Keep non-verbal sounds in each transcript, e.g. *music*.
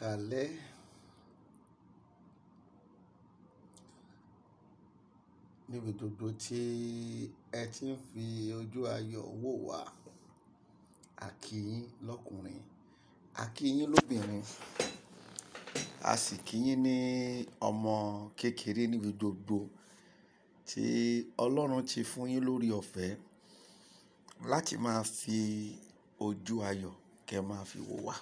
kalẹ́ níbi gbogbo tí ẹ ti ń fi ojú ayọ̀ wò wá. A kí yín lọ́kùnrin, a kí yín lóbìnrin, a sì kí yín ní ọmọ kékeré níbi gbogbo tí Ọlọ́run ti fún yín lórí ọ̀fẹ́ láti máa fi ojú ayọ̀ kẹ máa fi wò wá.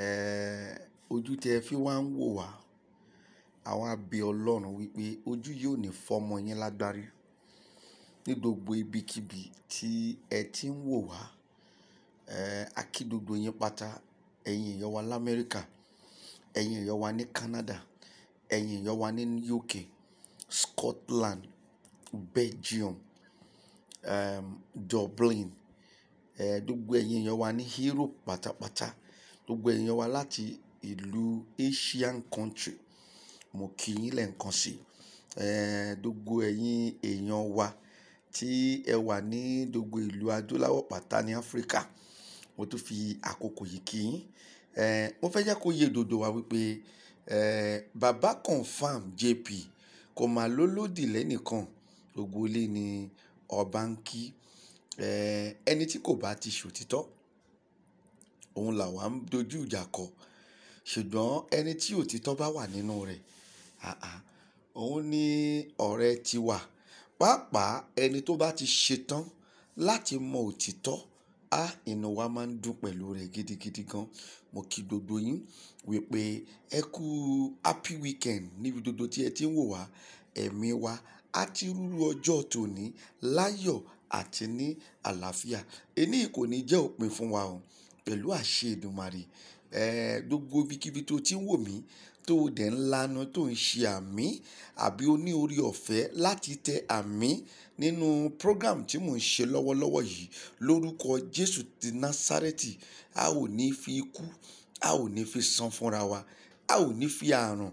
Eh, ojú tí ẹ fi wá ń wò wá àwa bẹ̀ ọlọ́run wípé ojú yóò ní fọmọ yín lágbárí ní gbogbo ibikíbi tí ẹ ti ń wò wá eh, akí gbogbo yín pátá ẹ̀yin èèyàn wa lamẹ́ríkà ẹ̀yin èèyàn wa ní Canada ẹ̀yin èèyàn wa ní UK Scotland Belgium um, Dublin eh, gbogbo ẹ̀yin èèyàn wa ní Europe pátápátá. gbogbo èèyàn wa láti ìlú Asian country mo kí yín lẹ́ẹ̀kan sí i gbogbo ẹ̀yin èèyàn wa tí ẹ wà ní gbogbo ìlú adúláwọ̀ pátá ní Áfíríkà mo tún fi àkókò yìí kí yín mo fẹ́ jẹ́ kó yé dòdò wa wípé bàbá confam JP kò mà lólódì lẹ́nìkan gbogbo ilé ni ọba ń kí ẹni tí kò bá ti ṣòtítọ́ òun làwa ń dojú ìjà kọ ṣùgbọ́n ẹni tí òtítọ́ bá wà nínú rẹ̀ àà òun ni ọ̀rẹ́ tiwa pàápàá ẹni tó bá ti ṣetán láti mọ òtítọ́ á inú wa máa ń dùn pẹ̀lú rẹ̀ gidigidi gan mo kí gbogbo yín wípé ẹ kú happy weekend níbi gbogbo tí ẹ ti ń wò wá ẹ̀mí wa á ti rúru ọjọ́ tòní láyọ̀ àti ní àlàáfíà eléyìí kò ní jẹ́ òpin fún wa o pẹ̀lú àṣẹ Èdùmàrè. Ẹ̀, gbogbo ibikíbi tó ti ń wò mí, tó dẹ̀ ń lanu, tó ń ṣe àmì àbí o ní oore ọ̀fẹ́ láti tẹ àmì nínú program tí mò ń ṣe lọ́wọ́lọ́wọ́ yìí lórúkọ Jésù ti Násárẹ́tì. A ò ní fi ikú, a ò ní fi san fúnra wa, a ò ní fi ààrùn,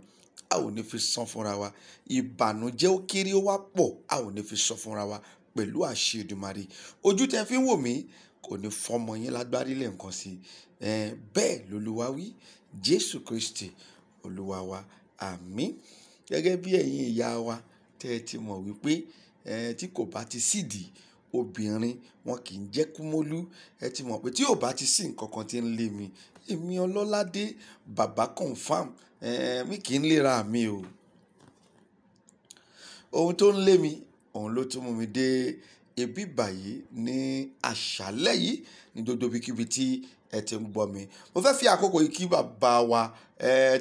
a ò ní fi san fúnra wa. Ìbànújẹ́ ó kéré ó wá pọ̀, a ò ní fi san fúnra wa pẹ̀lú àṣẹ Èdùmàrè. Ojú tẹ fi ń wò mí kò ní fọmọ yín lágbárí lẹ́ẹ̀kan sí i. Ẹ̀n bẹ́ẹ̀ lolúwa wí. Jésù Kristi Olúwa wa. Àmín. Gẹ́gẹ́ bí ẹ̀yin ìyá wa tí ẹ ti mọ̀ wípé ẹ̀ tí kò bá ti sídìí obìnrin wọn kì í jẹ́ kúmólú. Ẹ ti mọ̀ pé tí ò bá ti sí nǹkan kan tí ń lé mi, èmi Ọlọ́ládé, bàbá confirm, mi kì í léra mi o. Ohun tó ń lé mi, òun ló tún mú mi dé ibi báyìí ní àṣálẹ́ yìí ní gbogbo ibikíbi tí ẹ ti ń gbọ́ mi mo fẹ́ fi àkókò yìí kí bàbá wa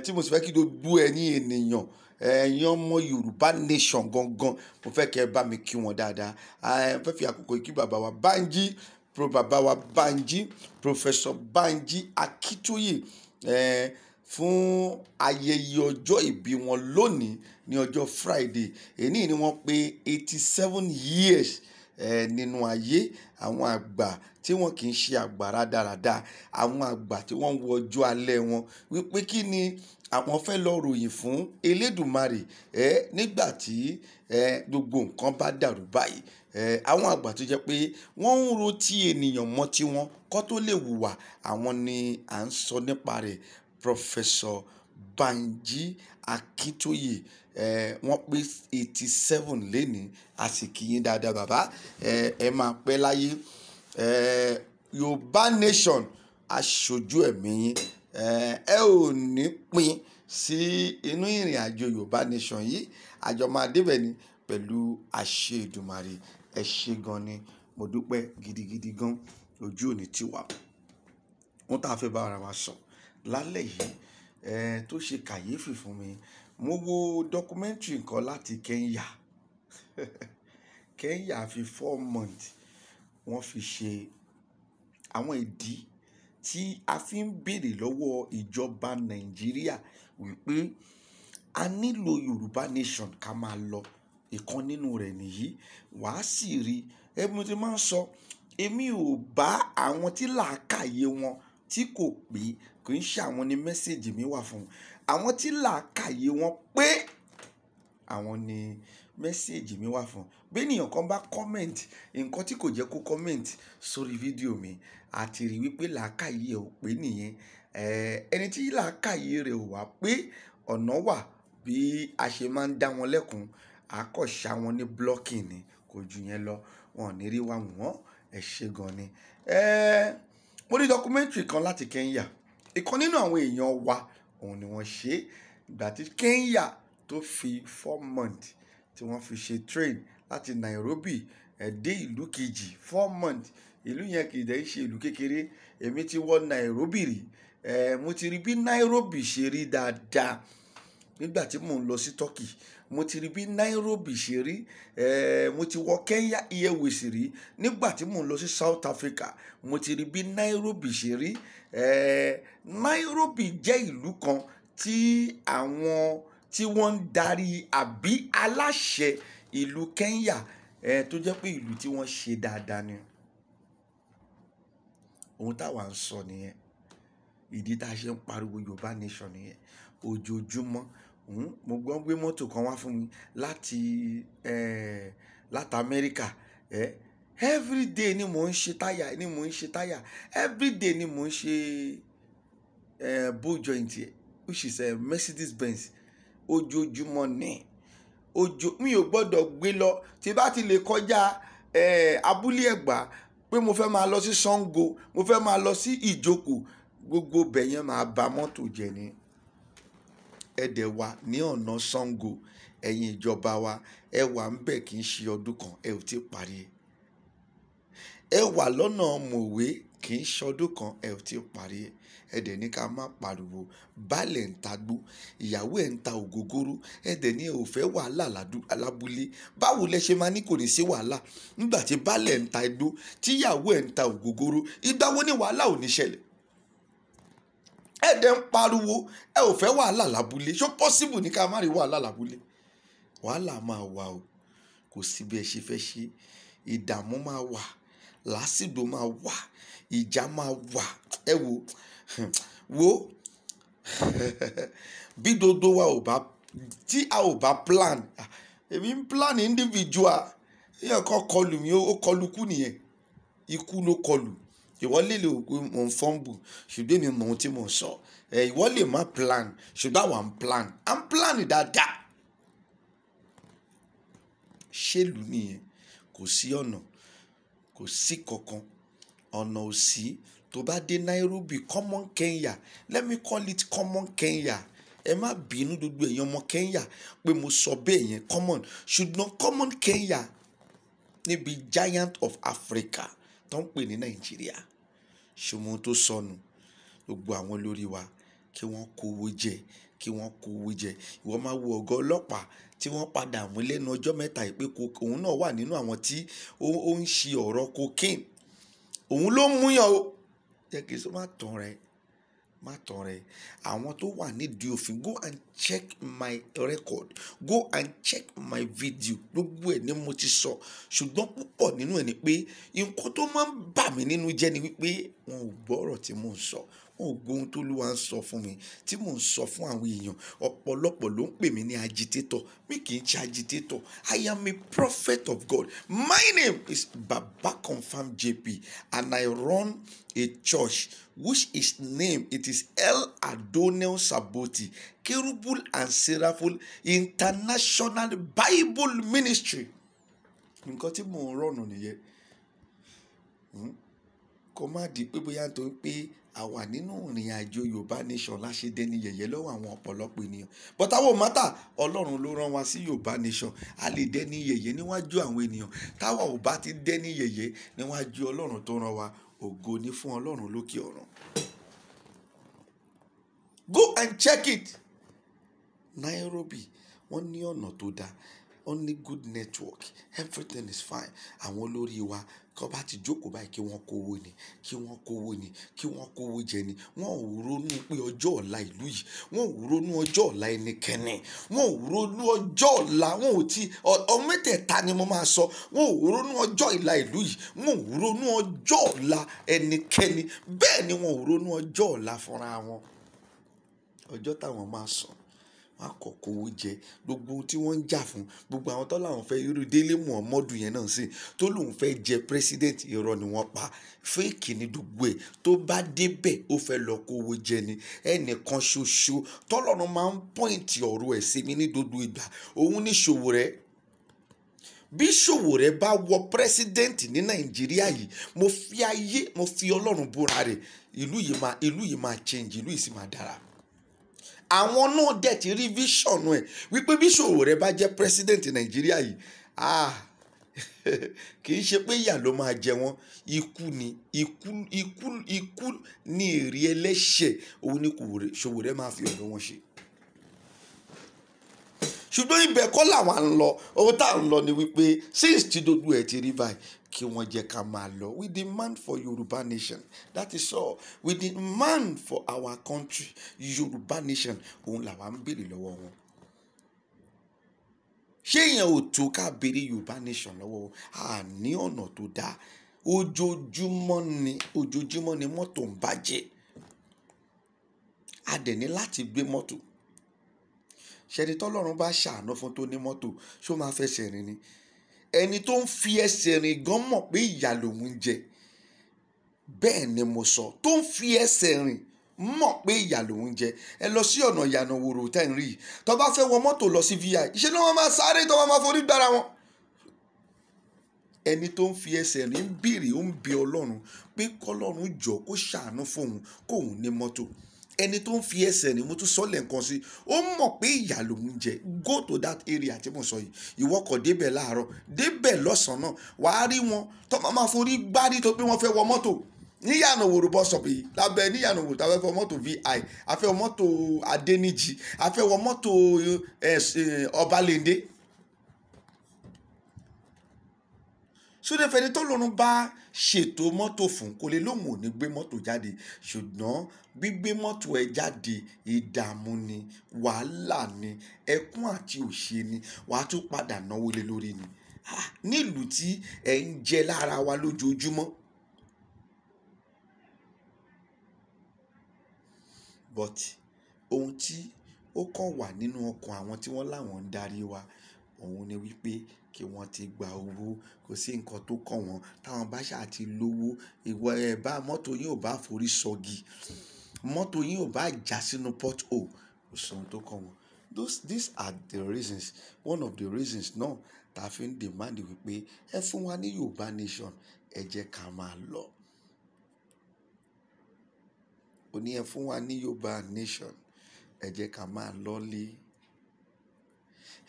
tí mo sì fẹ́ kí gbogbo ẹ̀yin ènìyàn ẹ̀yin ọmọ yorùbá nation gangan mo fẹ́ kẹ́ ẹ bá mi kí wọn dáadáa mo fẹ́ fi àkókò yìí kí bàbá wa Banji pro bàbá wa Banji Professor Banji Akitoye fún ayẹyẹ ọjọ́ ìbí wọn lónìí ní ọjọ́ Friday èyí ni wọ́n pé eighty seven years nínú ayé àwọn àgbà tí wọn kì í ṣe àgbàrá dáradára àwọn àgbà tí wọ́n ń wo ọjọ́ wọn wípé kí ni àwọn fẹ́ lọ ròyìn fún Elédùmarè eh nígbà tí ẹ gbogbo nǹkan bá dàrú báyìí ẹ àwọn àgbà tó jẹ́ pé wọ́n ń ro ti ènìyàn mọ́ tiwọn kó tó lè wùwà àwọn ni à ń sọ nípa rẹ̀ Professor Banji Akintoye wọ́n pé eighty seven lénìí àsìkò yín dáadáa bàbá ẹ máa pẹ́ láyé yorùbá nation aṣojú ẹ̀mí yín ẹ ò ní pín sí inú ìrìn àjò yorùbá nation yìí àjọ máa débẹ̀ ni pẹ̀lú àṣẹ Èdùmàrè ẹ ṣé gan ni mo dúpẹ́ gidigidi gan ojú òní ti wà wọ́n tá a fẹ́ bá ara wa sọ lálẹ́ yìí tó ṣe kàyéfì fún mi. Mo wo documentary kan láti Kenya. *laughs* Kenya fi four months wọ́n fi ṣe àwọn ìdí tí a fi ń béèrè lọ́wọ́ ìjọba Nàìjíríà wípé a nílò Yorùbá nation ká máa lọ. Ìkan nínú rẹ̀ nìyí, wàá sì rí. Ẹ bi mo ti máa ń sọ, èmi ò bá àwọn tí làákàyè wọn tí kò pé, kì í ṣe àwọn ni message mi wà fún àwọn tí làákàyè wọn pé àwọn ni mẹ́sẹ̀gì mi wà fún bí ènìyàn kan bá comment nǹkan tí kò jẹ́ kó comment sórí fídíò mi àti rí wípé làákàyè ò pé nìyẹn ẹni tí làákàyè rẹ̀ ò wá pé ọ̀nà wà bí a ṣe máa ń dá wọn lẹ́kun àkọ́ṣà wọn ní blocking ni kò jù yẹn lọ wọn ò ní rí wa wọ́n ẹ̀ ṣe gan ni. mo rí documentary kan láti Kenya ìkan nínú àwọn èèyàn wa. Eh, òun ni wọ́n ṣe ìgbà tí Kenya tó fi four months tí wọ́n fi ṣe train láti Nairobi dé ìlú kejì four months ìlú yẹn kì í dẹ̀ ṣe ìlú kékeré èmi ti wọ Nairobi rí mo ti rí bí Nairobi ṣe rí dáadáa nígbà tí mò ń lọ sí Turkey mo ti rí bí Nairobi ṣe rí eh, mo ti wọ Kenya Airways rí nígbà tí mò ń lọ sí South Africa mo ti rí bí Nairobi ṣe rí eh, Nairobi jẹ́ ìlú kan tí àwọn tí wọ́n ń darí àbí aláṣẹ ìlú Kenya eh, tó jẹ́ pé ìlú tí wọ́n ṣe dáadáa ni ohun táwa ń sọ nìyẹn ìdí tá a ṣe ń pariwo Yorùbá nation nìyẹn ojoojúmọ́ mo gbọ́n gbé mọ́tò kan wá fún mi láti láti amẹ́ríkà everyday ni mò ń ṣe táyà ni mò ń ṣe táyà everyday ni mò ń ṣe bow joint which is uh, mercedes benz ojoojúmọ́ ni ojo mi ò gbọ́dọ̀ gbé lọ tí bá ti lè kọjá abúlé ẹ̀gbá pé mo fẹ́ máa lọ sí Ṣàngó mo fẹ́ máa lọ sí ìjókòó gbogbo bẹ̀yẹn máa bà mọ́tò jẹ́ ni ẹ dẹ̀ ní ọ̀nà Ṣàngó ẹ̀yin ìjọba wa ẹ wà ń bẹ̀ kì í ṣe ọdún kan ẹ ò ti parí ẹ wà lọ́nà Mọ̀wé kì í ṣọdún kan ẹ ò ti parí ẹ ẹ dẹ̀ ní ká má pariwo baálẹ̀ ń ta gbó ìyàwó ẹ̀ ń ta ògógóró ẹ dẹ̀ ní ò fẹ́ wàhálà alábúlé báwo lẹ ṣe máa ní kò ní sí wàhálà nígbà tí baálẹ̀ ń ta igbó tíyàwó ẹ̀ ń ta ògógóró ìgbà wo wàhálà ò ní ṣẹlẹ̀ ẹ̀dẹ̀ ń pariwo ẹ ò fẹ́ wàhálà lábúlé ṣó pọ́síbù ní ká má rí wàhálà lábúlé wàhálà máa wà o kò sí bí ẹ ṣe fẹ́ ṣe ìdààmú máa wà làásìgbò máa wà ìjà máa wà ẹ wo *laughs* wo *laughs* bí dodo wa ò bá tí a ò bá plan ah, èmi ń plan individual èèyàn kan kọlù mi ó kọlù kú nìyẹn ikú ló kọlù ìwọ lè lè ògbé mò ń fọ́ǹbù ṣùgbọ́n èmi mò ń tí mò ń sọ ẹ ìwọ lè má plan ṣùgbọ́n àwa ń plan à ń plan dáadáa ṣèlú nìyẹn kò sí ọ̀nà kò sí kankan ọ̀nà ò sí tó bá dé Nairobi common Kenya let me call it common Kenya ẹ má bínú gbogbo èèyàn ọmọ Kenya pé mo sọ bẹ́ẹ̀ yẹn common ṣùgbọ́n common Kenya níbi giant of Africa tó ń pè ní nàìjíríà ṣùgbọ́n tó sọnù gbogbo àwọn olórí wa kí wọ́n kówó jẹ kí wọ́n kówó jẹ ìwọ máa wo ọ̀gá ọlọ́pàá tí wọ́n padà mú lẹ́nu ọjọ́ mẹ́ta ìpè òun náà wà nínú àwọn tí ó ń ṣe ọ̀rọ̀ cocaine òun ló mú yàn o jẹ́ kí n sọ má tàn rẹ̀ má tọrẹ àwọn tó wà nídìí òfin go and check my record go and check my video gbogbo ẹ̀ ni mo ti sọ ṣùgbọ́n púpọ̀ nínú ẹ̀ ni pé nǹkan tó máa ń bà mí nínú jẹ́ ni wípé wọn ò gbọ́rọ̀ tí mò ń sọ wọn ò gbóhun tó ló wá ń sọ fún mi tí mò ń sọ fún àwọn èèyàn ọ̀pọ̀lọpọ̀ ló ń pè mí ní agitator mi kì í ṣe agitator I am a prophet of God my name is Baba Confirm JP and I run a church which is name? it is El Adonel Saboti Kerubul and Seraphul International Bible Ministry nǹkan tí mò ń rọ̀nà nìyẹn hmm? kó má di pé bóyá tó ń pé àwa nínú ìrìn àjò Yorùbá Nation láṣẹdẹ ní yẹ̀yẹ́ lọ́wọ́ àwọn ọ̀pọ̀lọpọ̀ ènìyàn but àwọn mọ́tà Ọlọ́run ló rán wa sí Yorùbá Nation a lè dẹ́ ní yẹ̀yẹ́ níwájú àwọn ènìyàn táwa ò bá ti dẹ́ ní yẹ̀yẹ́ níwájú Ọlọ́run tó rán wa ògo ni fún ọlọ́run lókè ọ̀run go and check it Nairobi wọ́n ní ọ̀nà tó dáa Only good network everything is fine àwọn olórí wa kọ́ bá ti jókòó báyìí kí wọ́n kówó ni kí wọ́n kówó ni kí wọ́n kówó jẹ ni wọ́n ò ronú pé ọjọ́ ọ̀la ìlú yìí wọ́n ò ronú ọjọ́ ọ̀la ẹnikẹ́ni wọ́n ò ronú ọjọ́ ọ̀la wọn ò ti ọmọ mẹ́tẹ̀ẹ̀ta ni mo máa sọ wọn ò ronú ọjọ́ ìlà ìlú yìí wọn ò ronú ọjọ́ ọ̀la ẹnikẹ́ni bẹ́ẹ̀ ni wọn ò ronú ọjọ́ ọ̀la fúnra wọn ọjọ́ táwọn máa sùn wọ́n á kọ̀ kówó jẹ gbogbo ohun tí wọ́n ń jà fún gbogbo àwọn tọ́lá àwọn fẹ́ irú délé muhammadu yẹn náà sí tó lóun fẹ́ jẹ president irọ́ ni wọ́n pa fẹ́ẹ̀kì ni gbogbo ẹ̀ tó bá débẹ̀ ó fẹ́ lọ kówó jẹ ni ẹnìkan ṣoṣo tọ́lọ́run máa ń pọ́ìntì ọ̀rọ̀ ẹ̀ sí mi ní gbogbo ìgbà òun ní Sowore bí Sowore bá wọ president ní nàìjíríà yìí mo fi ayé mo fi ọlọ́run búra rẹ̀ ìlú yìí máa ìlú yìí máa change ìlú yìí sì máa dára àwọn náà dẹ̀ ti rí vision ẹ̀ wípé bí Sowore bá jẹ́ president nàìjíríà yìí ah *laughs* kì í ṣe pé ìyà ló máa jẹ wọ́n ikú ni ikú ikú ikú ni èrè ẹlẹ́ṣẹ̀ òun ni Sowore máa fi ọ̀dọ̀ wọn ṣe ṣùgbọ́n ibẹ̀ kọ́ làwọn à ń lọ ohun tá à ń lọ ni wípé since tí dodo ẹ̀ ti rí báyìí kí wọ́n jẹ́ ká máa lọ we demand for Yorùbá nation that is all we demand for our country Yorùbá nation òun làwa ń béèrè lọ́wọ́ wọn ṣé èèyàn ò tó ká béèrè Yorùbá nation lọ́wọ́ wọn àní ọ̀nà tó dáa ojoojúmọ́ ni ojoojúmọ́ ni mọ́tò ń bàjẹ́ a dẹ̀ ní láti gbé mọ́tò ṣẹni tọ́lọ́run bá ṣàánú fún tó ní mọ́tò ṣó máa fẹsẹ̀ rìn ni ẹni tó ń fi ẹsẹ̀ rìn gan mọ̀ pé ìyà lòun ń jẹ bẹ́ẹ̀ ni mo sọ tó ń fi ẹsẹ̀ rìn mọ̀ pé ìyà lòun ń jẹ ẹ lọ sí ọ̀nà ìyànà wòrò tẹ́ ń rí i tó bá fẹ́ wọ mọ́tò lọ sí vi ṣé ni wọ́n máa sáré tó wọ́n máa forí gbára wọn. ẹni tó ń fi ẹsẹ̀ rìn ń bèrè ó ń bẹ ọlọ́run pé kọ́lọ́run jọ kó ṣàánú fóun kóun ní mọ́tò ẹni tó ń fi ẹsẹ̀ ni mo tún sọ lẹ́ǹkan sí ó mọ̀ pé ìyà lòún jẹ go to that area tí mo sọ yìí ìwọ kọ̀ débẹ̀ láàárọ̀ débẹ̀ lọ́sàn-án náà wàá rí wọn tó máa máa forí gbárí tó pé wọ́n fẹ́ wọ mọ́tò níyànà òwòrò bọ́sọ̀pù yìí lábẹ́ níyànà òwòrò tá a mọ́tò vi a mọ́tò adẹ́nìjì eh, a mọ́tò eh, ọbalẹ̀ndé sódẹ́fẹ́ni tọ́lọ́run bá ṣètò mọ́tò fún kò lè lóun ò ní gbé mọ́tò jáde ṣùgbọ́n gbígbé mọ́tò ẹ jáde ìdààmú ni wàhálà ni ẹkún àti òṣè ni wàá tún padà náwó lé lórí ni nílùú tí ẹ ń jẹ lára wa lójoojúmọ́. but ohun tí ó kàn wà nínú ọkàn àwọn tí wọ́n láwọn ń darí wa òun ni wípé kí wọ́n ti gba owó. Kò sí ǹkan tó kàn wọ́n. Táwọn bá ṣà ti lówó, ìwọ ẹ bá mọ́tò yín ò bá forí sọgi, mọ́tò yín ò bá jà sínú pothole, kò sí ohun tó kàn wọ́n. Those, these are the reasons, one of the reasons náà ta fi ń demand wípé ẹ fún wa ní Yorùbá nation, ẹ jẹ́ ká máa lọ. Ó ní ẹ fún wa ní Yorùbá nation, ẹ jẹ́ ká máa lọlé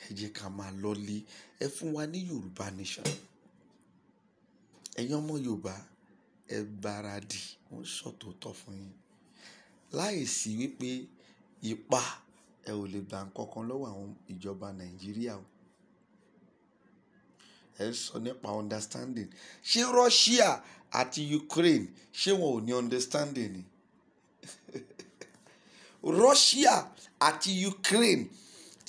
ẹ jẹ́ ká máa lọlé ẹ fún wa ní Yorùbá nation ẹ̀yin ọmọ Yorùbá ẹ gbáradì ó ń ṣọ̀tòótọ́ fún yín láìsí wípé ipá ẹ ò lè gbà nǹkan lọ́wọ́ àwọn ìjọba Nàìjíríà o ẹ sọ nípa understanding ṣé Russia àti Ukraine ṣé wọn ò ní understanding ni *laughs* Russia àti Ukraine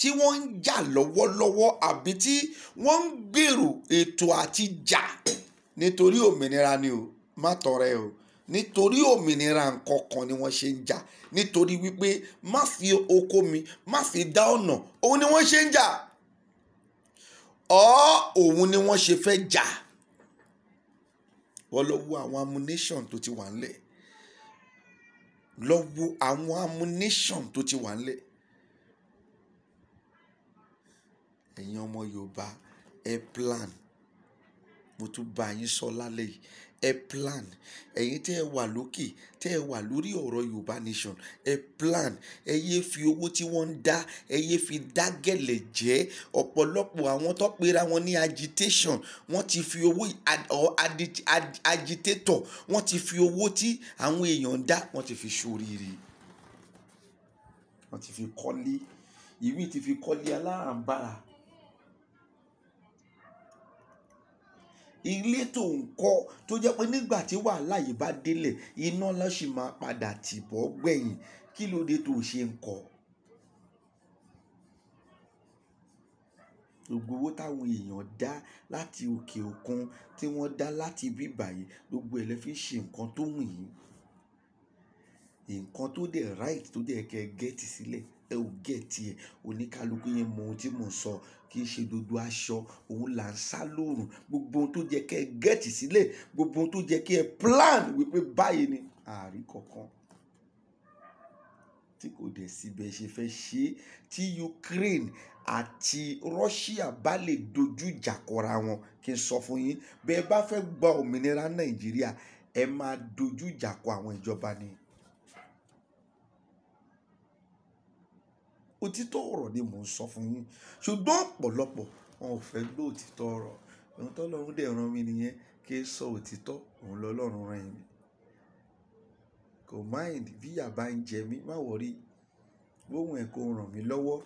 tí wọ́n ń jà lọ́wọ́lọ́wọ́ àbí tí wọ́n ń gbèrò ètò àti jà nítorí òmìnira ni o má tọrẹ o nítorí òmìnira nǹkan kan ni wọ́n ṣe ń jà nítorí wípé má fi oko mi má fi dá ọ̀nà òun ni wọ́n ṣe ń jà ọ́ òun ni wọ́n ṣe fẹ́ jà wọ́n lọ wo àwọn ammunition tó ti wà ńlẹ̀ lọ wo àwọn ammunition tó ti wà ńlẹ̀ ẹ̀yin ọmọ Yorùbá ẹ plan mo tún bá yín sọ lálẹ́ yìí ẹ plan ẹ̀yin tẹ́ ẹ wà lókè tẹ́ ẹ wà lórí ọ̀rọ̀ Yorùbá nation ẹ plan ẹ yéé fi owó tí wọ́n ń dá ẹ yéé fi dá gẹ̀lẹ̀ jẹ́ ọ̀pọ̀lọpọ̀ àwọn tó pera wọn ní agitation wọ́n ti fi owó agitator wọ́n ti fi owó tí àwọn èèyàn ń dá wọ́n ti fi ṣoríire wọ́n ti fi kọ́lé ìwé ti fi kọ́lé alárànbarà ilé tó ń kọ́ tó jẹ́ pé nígbà tí wàhálà yìí bá délẹ̀ iná lọ́sìn máa padà tì bọ́ gbẹ̀yìn kí ló dé tó ṣe ń kọ́. gbogbo owó táwọn èèyàn dá láti òkè òkun tí wọ́n dá láti bíbà yìí gbogbo ẹ̀ lè fi ṣe nǹkan tó wù yín nǹkan tó dẹ̀ right tó dẹ̀ kẹ́ gẹ́ẹ̀tì sílẹ̀. Si ẹ ò gẹ̀ẹ́tì ẹ̀ oníkálukú yẹn mọ ohun tí mò ń sọ kì í ṣe gbogbo aṣọ òun là ń sá lóòrùn gbogbo ohun tó jẹ́ kẹ́ ẹ gẹ̀ẹ́tì gbogbo ohun tó jẹ́ kẹ́ plan wípé báyìí ni àárí kankan tí kò dẹ̀ síbẹ̀ ṣe fẹ́ ṣe tí Ukraine àti Russia bá lè dojú ìjà kọra wọn kí n sọ fún yín bẹ́ẹ̀ bá fẹ́ gba òmìnira Nàìjíríà ẹ máa dojú ìjà kọ àwọn ìjọba ni. òtítọ́ ọ̀rọ̀ ni mò ń sọ fún yín ṣùgbọ́n ọ̀pọ̀lọpọ̀ wọn ò fẹ́ gbọ́ òtítọ́ ọ̀rọ̀ ohun tọ́lọ́run dẹ̀ rán mi nìyẹn kí n sọ òtítọ́ òun lọ́lọ́run rán mi kò máìndì bí ìyà bá ń jẹ mí má wọrí bóun ẹ̀ kò ràn mí lọ́wọ́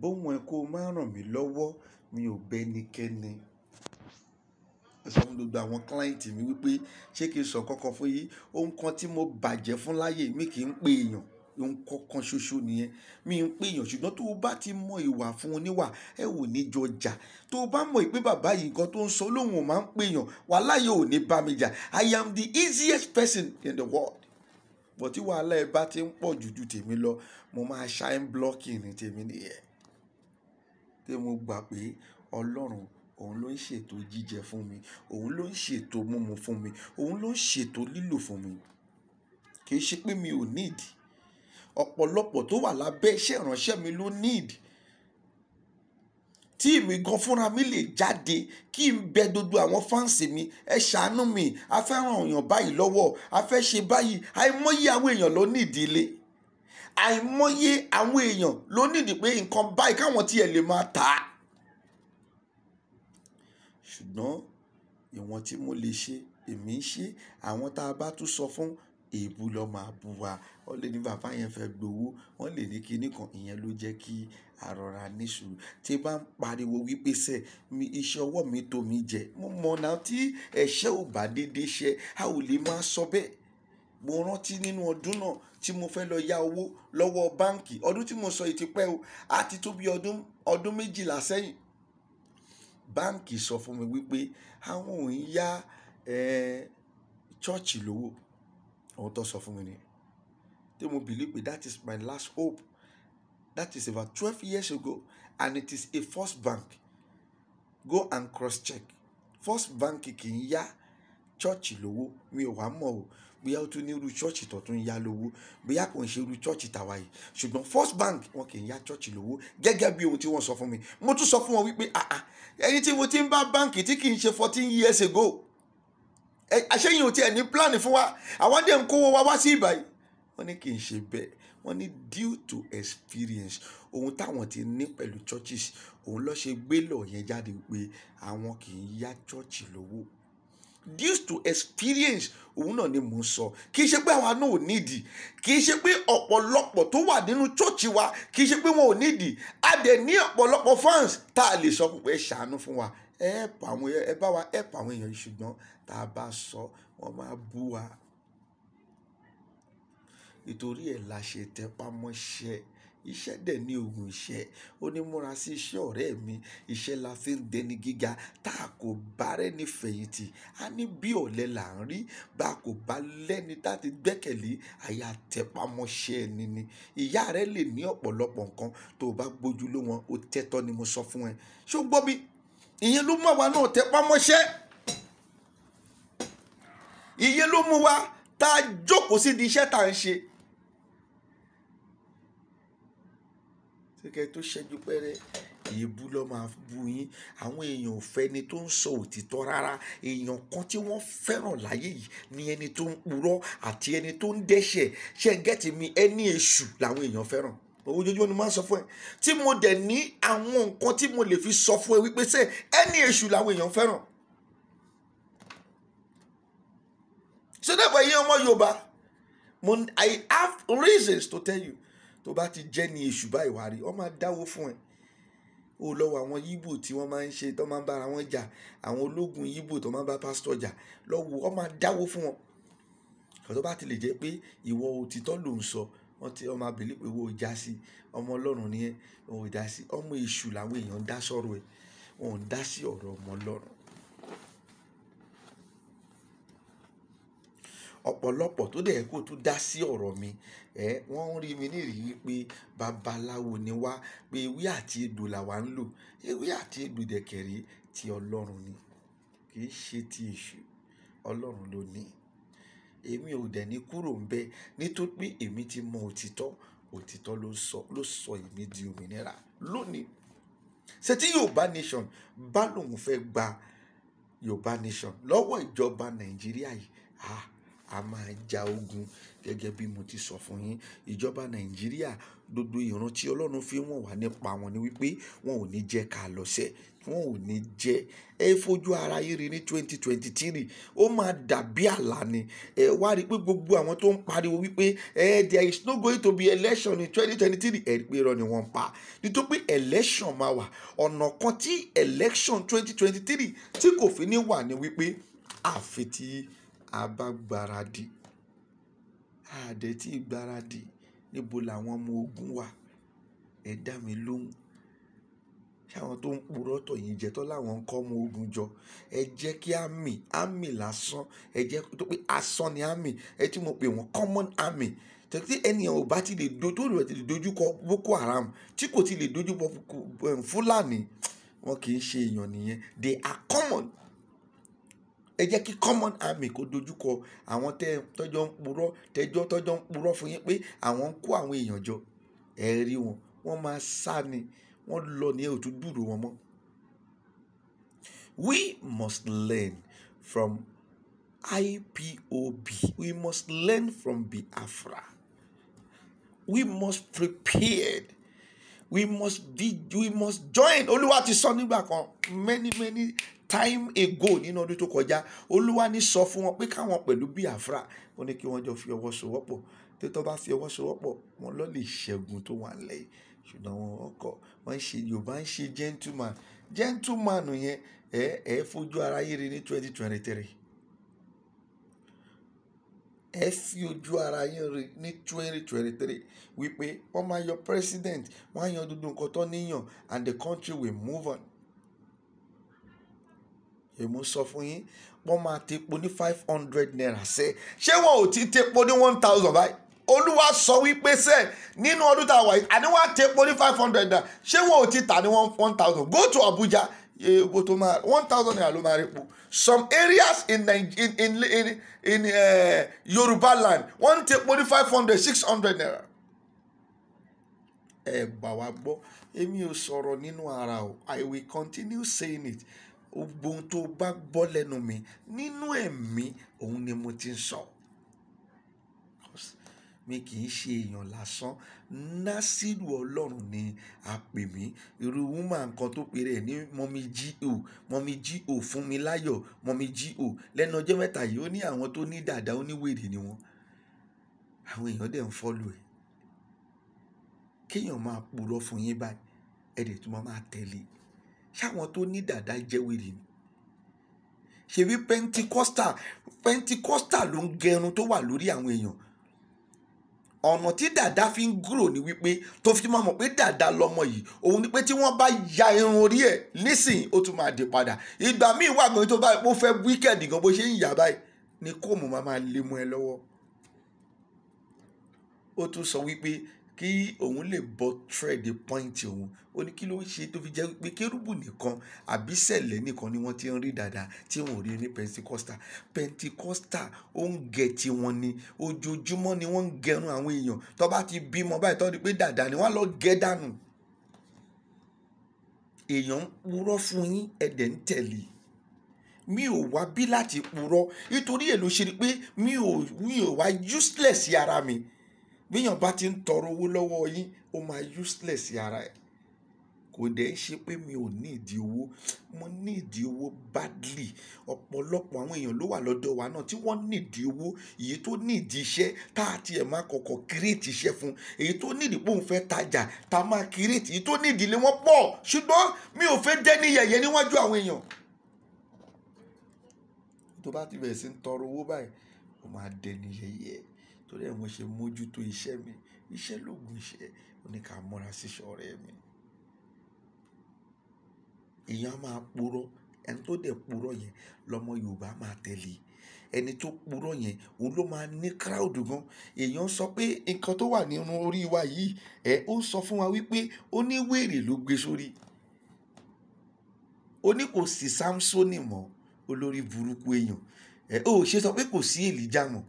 bóun ẹ̀ kò má ràn mí lọ́wọ́ mi ò bẹ́nikẹ́ni sọ fún gbogbo àwọn kílàìntì mi wípé ṣé kí n sọ kọ́kọ́ fún yín ohun kan tí mo bàjẹ́ fún láyè mi kì í pè èèyàn ohun kankan ṣoṣo nìyẹn mi ń pèèyàn ṣùgbọ́n tó o bá ti mọ ìwà fún oníwà ẹ ò ní jọ jà tó o bá mọ̀ pé bàbá yìí nǹkan tó ń sọ lóhùn ò máa ń pèèyàn wàhálà yóò ní bá mi jà I am the easiest person in the world bọ̀ tí wàhálà ẹ bá ti ń pọ̀ jù ju tèmi lọ mo máa shine blocking ní tèmi nìyẹn tí mo gbà pé ọlọ́run òun ló ń ṣètò jíjẹ fún mi òun ló ń ṣètò mímu fún mi òun ló ń ṣètò lílò fún mi kì í ṣe pé mi ò nídìí ọ̀pọ̀lọpọ̀ tó wà lábẹ́ iṣẹ́ ìránṣẹ́ mi ló need tí èmi gan fúnra mi lè jáde kí n bẹ gbogbo àwọn fáǹsì mi ẹ ṣàánú mi a fẹ́ ràn èèyàn báyìí lọ́wọ́ a fẹ́ ṣe báyìí àìmọye àwọn èèyàn ló ní ìdílé àìmọye àwọn èèyàn ló ní ìdí pé nǹkan báyìí káwọn tiẹ̀ lè máa tà á ṣùgbọ́n ìwọ̀n tí mo lè ṣe èmi ń ṣe àwọn tá a bá tún sọ fún èébú ló máa bú wa wọ́n lè ní bàbá yẹn fẹ́ gbowó wọ́n lè ní kinní kan ìyẹn ló jẹ́ kí àrọ̀ra níṣu tí bá ń pariwo wípé sẹ́ mi iṣẹ́ ọwọ́ mi tó mi jẹ mo mọ̀nà tí ẹ̀ṣẹ̀ ò bá déédéé ṣe a ò lè máa sọ bẹ́ẹ̀ mo rántí nínú ọdún náà tí mo fẹ́ lọ yá owó lọ́wọ́ báǹkì ọdún tí mo sọ yìí ti pẹ́ o á ti tó bí ọdún ọdún méjìlá sẹ́yìn báǹkì sọ fún mi wípé àwọn ò ń yá chọ́ọ̀chì lówó ohun tó sọ fún mi ni tí mo believe me? that is my last hope that is about twelve years ago and it is a first bank go and cross check first bank kì í yá chọ́ọ̀chì lówó mi ò wá mọ̀ o bóyá ó tún ní irú chọ́ọ̀chì tó tún yá lówó bóyá kò ń ṣe irú chọ́ọ̀chì tàwa yìí ṣùgbọ́n first bank wọn kì í yá chọ́ọ̀chì lówó gẹ́gẹ́ bí ohun tí wọ́n sọ fún mi mo tún sọ fún wọn wípé àà ah, ah, ẹni tí mo ti ń bá báǹkì tí kì í ṣe fourteen years ago àṣẹyìn ò tiẹ̀ ní plan fún wa àwọn dẹ̀ ń kówó wa wá sí ìbàyí wọ́n ní kì í ṣe bẹ́ẹ̀ wọ́n ní due to experience ohun táwọn ti ní pẹ̀lú churches òun ló ṣe gbé lọ yẹn jáde pé àwọn kì í yá church lówó due to experience òun náà ni mò ń sọ kì í ṣe pé àwa náà ò nídìí kì í ṣe pé ọ̀pọ̀lọpọ̀ tó wà nínú church wa kì í ṣe pé wọn ò nídìí a dẹ̀ ní ọ̀pọ̀lọpọ̀ fans tá a lè sọ pé ṣàánú fún wa help àwọn ẹ bá wa help àwọn èèyàn ṣùgbọ́n tá a bá sọ wọ́n máa bú wa nítorí ẹ̀ la ṣe tẹpá mọ́ṣẹ́ iṣẹ́ dẹ̀ ní oògùn iṣẹ́ ó ní múra sí iṣẹ́ ọ̀rẹ́ mi iṣẹ́ la fi ń dẹni gíga tá a kò bá rẹ́ni fẹ̀yìntì a ní bí ọ̀lẹ là ń rí bá a kò bá lẹ́ni tá a ti gbẹ́kẹ̀lé àyà tẹpamọ́ṣẹ́ ẹni ni ìyá rẹ lè ní ọ̀pọ̀lọpọ̀ nǹkan tó o bá gbójú lé wọn ó tẹ́tọ́ ni mo sọ fún ẹ ṣó gbọ́ bí ìyẹn ló mú àwa náà tẹpá mọ́ṣẹ́ ìyẹn ló mú wa tá a jókòó sí di iṣẹ́ tá à ń ṣe. kẹ́kẹ́ tó ṣẹ́jú pẹ́rẹ́ èébú ló máa bú yín àwọn èèyàn ò tó ń sọ òtítọ́ rárá èèyàn kan tí wọ́n fẹ́ràn láyé yìí ni ẹni tó ń purọ́ àti ẹni tó ń dẹ́ṣẹ̀ ṣẹ́ńgẹ́tì ẹni èṣù làwọn èèyàn fẹ́ràn òun ojoojúmọ́ ni mo máa ń sọ fún ẹ tí mo dẹ̀ ní àwọn nǹkan tí mo lè fi sọ fún ẹ wípé sẹ́ ẹni èṣù làwọn èèyàn fẹ́ràn ṣé dàbọ̀ ẹ̀yin ọmọ Yorùbá mo I have reasons to tell you tó bá ti jẹ́ ni èṣù báyìí wá rí wọ́n máa dáwó fún ẹ ó lọ́wọ́ àwọn yíbò tí wọ́n máa ń ṣe tó máa ń bára wọn jà àwọn ológun yíbò tó máa ń bá pásítọ̀ jà lọ́wọ́ wọ́n máa dáwó fún wọn tó bá ti lè jẹ́ pé ìwọ òtítọ́ ló ń sọ wọ́n ti ọmọ abìlí pé wo já sí ọmọ ọlọ́run ni ẹ́ ò dá sí ọmọ èṣù làwọn èèyàn ń dá sọ̀rọ̀ ẹ̀ wọn ò ń dá sí ọ̀rọ̀ ọmọ ọlọ́run. ọ̀pọ̀lọpọ̀ tó dẹ̀ kó tún dá sí ọ̀rọ̀ mi ẹ wọ́n ń rí mi nírìí pé babaláwo ni wá pé ewé àti egbò làwa ń lò ewé àti egbò dẹ̀kẹ̀rẹ́ ti ọlọ́run ni kì í ṣe ti èṣù ọlọ́run ló ní i èmi ò dẹ̀ ní kúrò ń bẹ nítorí pé èmi ti mọ òtítọ́ òtítọ́ ló sọ ló sọ èmi di òmìnira lónìí ṣé tí yorùbá nation bá lòun fẹ́ gba yorùbá nation lọ́wọ́ ìjọba nàìjíríà yìí ah a máa ja ogun gẹ́gẹ́ bí mo ti sọ fún yín ìjọba nàìjíríà gbogbo ìran ọlọ́run fi wọ́n wà nípa wọn ni wípé wọn ò ní jẹ́ ká lọ́sẹ̀ wọn ò ní jẹ ẹ fojú ara yín rí ní twenty twenty three ó máa dàbí àlá ni ẹ wá rí i pé gbogbo àwọn tó ń pariwo wípé ẹ there is no going to be election in twenty twenty three ẹ rí i pé irọ́ ni wọ́n ń pa nítorí pé election máa wà ọ̀nà kan tí election twenty twenty three tí kò fi ní wà ni wípé àfi tí a bá gbáradì àdẹ̀tí gbáradì níbo làwọn ọmọ ogun wà ẹ dá mi lóhùn tí àwọn tó ń purọ́ tọ̀ yín jẹ tọ́ láwọn ń kọ́ ọmọ ogun jọ ẹ jẹ́ kí àmì àmì lásán ẹ jẹ́ tó pé asán ni àmì ẹ tí mo pè wọ́n common àmì tẹ̀sí ẹnìyàn ò bá ti lè do tó lè dojú kọ Boko Haram tí kò ti lè dojú kọ Fúlàní wọn kì í ṣe èèyàn nìyẹn they are common ẹ jẹ́ kí common army kó dojúkọ àwọn tẹ́ ń purọ́ tẹ́jọ́ tọ́jọ́ ń purọ́ fún yín pé àwọn ń kó àwọn èèyàn jọ ẹ rí wọn wọ́n máa sá ni wọ́n lọ ní ẹ̀ ò tún wọn mọ́. We must learn from IPOB. We must learn from Biafra. We must prepare. We must be, we must join. Olúwa ti sọ nígbà kan many many time ago nínú ọdún tó kọjá Olúwa ní sọ fún wọn pé káwọn pẹ̀lú Biafra ó ní kí wọ́n jọ fi ọwọ́ sowọ́pọ̀ tó tọ́ bá fi ọwọ́ sowọ́pọ̀ wọn lọ lè ṣẹ́gun tó wà lẹ́yìn ṣùgbọ́n wọn kọ̀ wọ́n ṣe yorùbá ń ṣe gentleman gentleman yẹn ẹ ẹ fojú ara yín ní twenty twenty three ẹ fi ojú ara yín rí ní twenty twenty three wípé wọ́n máa yọ president wọ́n á yan dúdú nǹkan tó níyàn and the country will move on. èmo sọ fún yín wọ́n máa tepo ní five hundred naira ṣe ṣé wọn ò ti tepo ní one thousand báyìí olúwa sọ wípé sẹ́ nínú ọdún tá a wà yìí àníwá tepo ní five hundred naira ṣé wọn ò ti tà ní one thousand go to Abuja epo tó máa one thousand naira ló máa rí po some areas in in in in, in uh, eh, Yorùbá land wọ́n tepo ní five hundred six hundred naira ẹ gbà wá gbọ́ èmi ò sọ̀rọ̀ nínú ara o I will continue saying it gbogbo ohun tó bá gbọ́ lẹ́nu mi nínú ẹ̀mí òun ni mo ti ń sọ mi kì í ṣe èèyàn lásán násìrù ọlọ́run ni a pè mí irú wúmà nǹkan tó pe rẹ̀ ní mọ́mí G.O mọ́mí G.O fún mi láyọ̀ mọ́mí G.O lẹ́nu ọjọ́ mẹ́ta yìí ó ní àwọn tó ní dàda oníwèrè ni wọ́n àwọn èèyàn dẹ̀ ń fọ́lù ẹ̀ kéèyàn máa purọ́ fún yín báyìí ẹ̀dẹ̀ tó máa tẹ̀lé ṣáwọn tó ní dàda jẹ́ wèrè ni ṣebí pentikosta pentikosta ló ń gẹrun tó wà lórí àwọn èèyàn ọ̀nà tí dàda fi ń gúrò ní wípé tó fi máa mọ̀ pé dàda lọmọ yìí òun ni pé tí wọ́n bá ya irun orí ẹ̀ nísìnyí ó tún máa dé padà ìgbà míì wà gan tó bá mo fẹ́ wíkẹ̀dì gan bó ṣe ń yà báyìí ni kóòmù máa máa lé mọ́ ẹ lọ́wọ́ ó tún sọ wípé kí òun lè bọ tírẹ̀dì pọ́ìntì òun ó ní kí ló ń ṣe tó fi jẹ́ pé kérúbù nìkan àbí sẹ̀lẹ̀ nìkan ni wọ́n ti ń rí dáadáa tí wọn ò rí ní pentikosta pentikosta ó ń gẹ̀ tí wọn ni ojoojúmọ́ ni wọ́n ń gẹrun àwọn èèyàn tó bá ti bímọ báyìí tó di pé dàdà ni wọ́n lọ gẹ́ dànù èèyàn ń purọ́ fún yín ẹ̀dẹ̀ ń tẹ̀lé mi ò wá bí láti purọ́ nítorí èlò ṣe ni pé mi ò wá useless sí ara mi bíyàn bá ti ń tọrọ owó lọ́wọ́ yín ó máa useless ara ẹ̀ kò dẹ̀ ń ṣe pé mi ò ní ìdí owó mo ní ìdí owó badly ọ̀pọ̀lọpọ̀ àwọn èèyàn ló wà lọ́dọ̀ wa náà tí wọ́n ní ìdí owó èyí tó ní ìdí iṣẹ́ tá a tiẹ̀ máa kọ́kọ́ kírètì iṣẹ́ fún èyí tó ní ìdí pé òun fẹ́ tajà tá a máa kírètì èyí tó ní ìdí lé wọ́n pọ̀ ṣùgbọ́n mi ò fẹ́ jẹ́ ní yẹ̀yẹ́ níwájú àwọn èèyàn. tó bá ti bẹ̀rẹ̀ sí ń tọrọ owó báyìí ó máa dẹni yẹ̀yẹ́ Torí ẹ, mo ṣe mójútó iṣẹ́ mi. Iṣẹ́ lóògùn ìṣẹ́, ó ní ká múra ṣíṣe ọ̀rẹ́ mi. Èèyàn a máa purọ́, ẹni tó dẹ̀ purọ́ yẹn lọmọ Yorùbá máa tẹ̀lé. Ẹni tó purọ́ yẹn, òun ló máa ní crowd gan. Èèyàn sọ pé nǹkan tó wà nínú orí wa yìí, ẹ, ó ń sọ fún wa wípé ó ní wèrè ló gbe sórí. Ó ní kò sí Samsoni mọ́, olórí burúkú èèyàn. Ẹ, ó ṣe sọ pé kò sí Elijah mọ́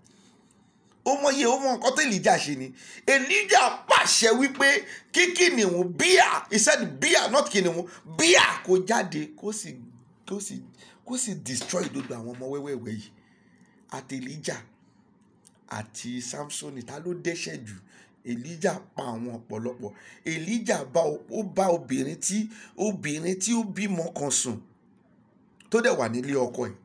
ó mọyé ó mọ nǹkan tó Èlíjà ṣe ni Èlíjà pàṣẹ wípé kí kìnìún bíà he said bíà not kìnìún bíà kó jáde kó sì kó sì kó sì destroy gbogbo àwọn ọmọ wẹ́wẹ́wẹ́ yìí àti Èlíjà àti Samson ta ló dẹ́ṣẹ̀ jù Èlíjà pa àwọn ọ̀pọ̀lọpọ̀ Èlíjà bá ó bá obìnrin tí obìnrin tí ó bímọ kan sùn tó dẹ̀ wà nílé ọkọ ẹ̀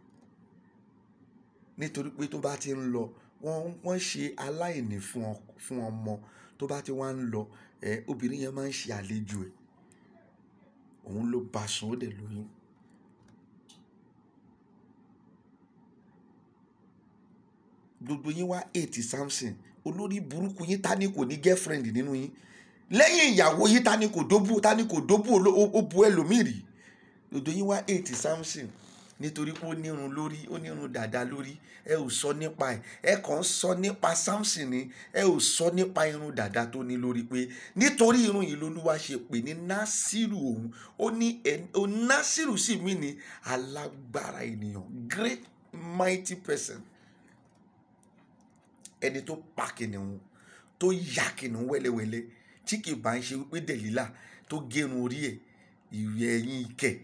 nítorí pé tó bá ti ń lọ wọ́n wọ́n ṣe aláìní fún ọ fún ọmọ tó bá ti wá ń lọ ẹ obìnrin yẹn máa ń ṣe àlejò ẹ̀ òun ló bá sùn ó dẹ̀ lóyún. gbogbo yín wá ètì Samson olórí burúkú yín ta ni kò ní girlfriend nínú yín lẹ́yìn ìyàwó yín ta ni kò dóbú ta ni kò dóbú ó bu ẹlòmíì rí gbogbo yín wá ètì Samson nítorí pé ó nírun lórí ó nírun dàda lórí ẹ ò sọ nípa ẹ ẹ kàn ń sọ nípa Samson ni ẹ ò sọ nípa irun dàda tó ní lórí pé nítorí irun yìí lolúwa ṣe pè ní násìrù òun ó ní ẹ násìrù sì mí ní alágbára ènìyàn great mighty person ẹni tó pa kìnìún tó ya kìnìún wẹ́lẹ́wẹ́lẹ́ tí kì bá ń ṣe wípé Dèlílà tó gérun orí ẹ̀ ìwé ẹ̀yìn ikẹ̀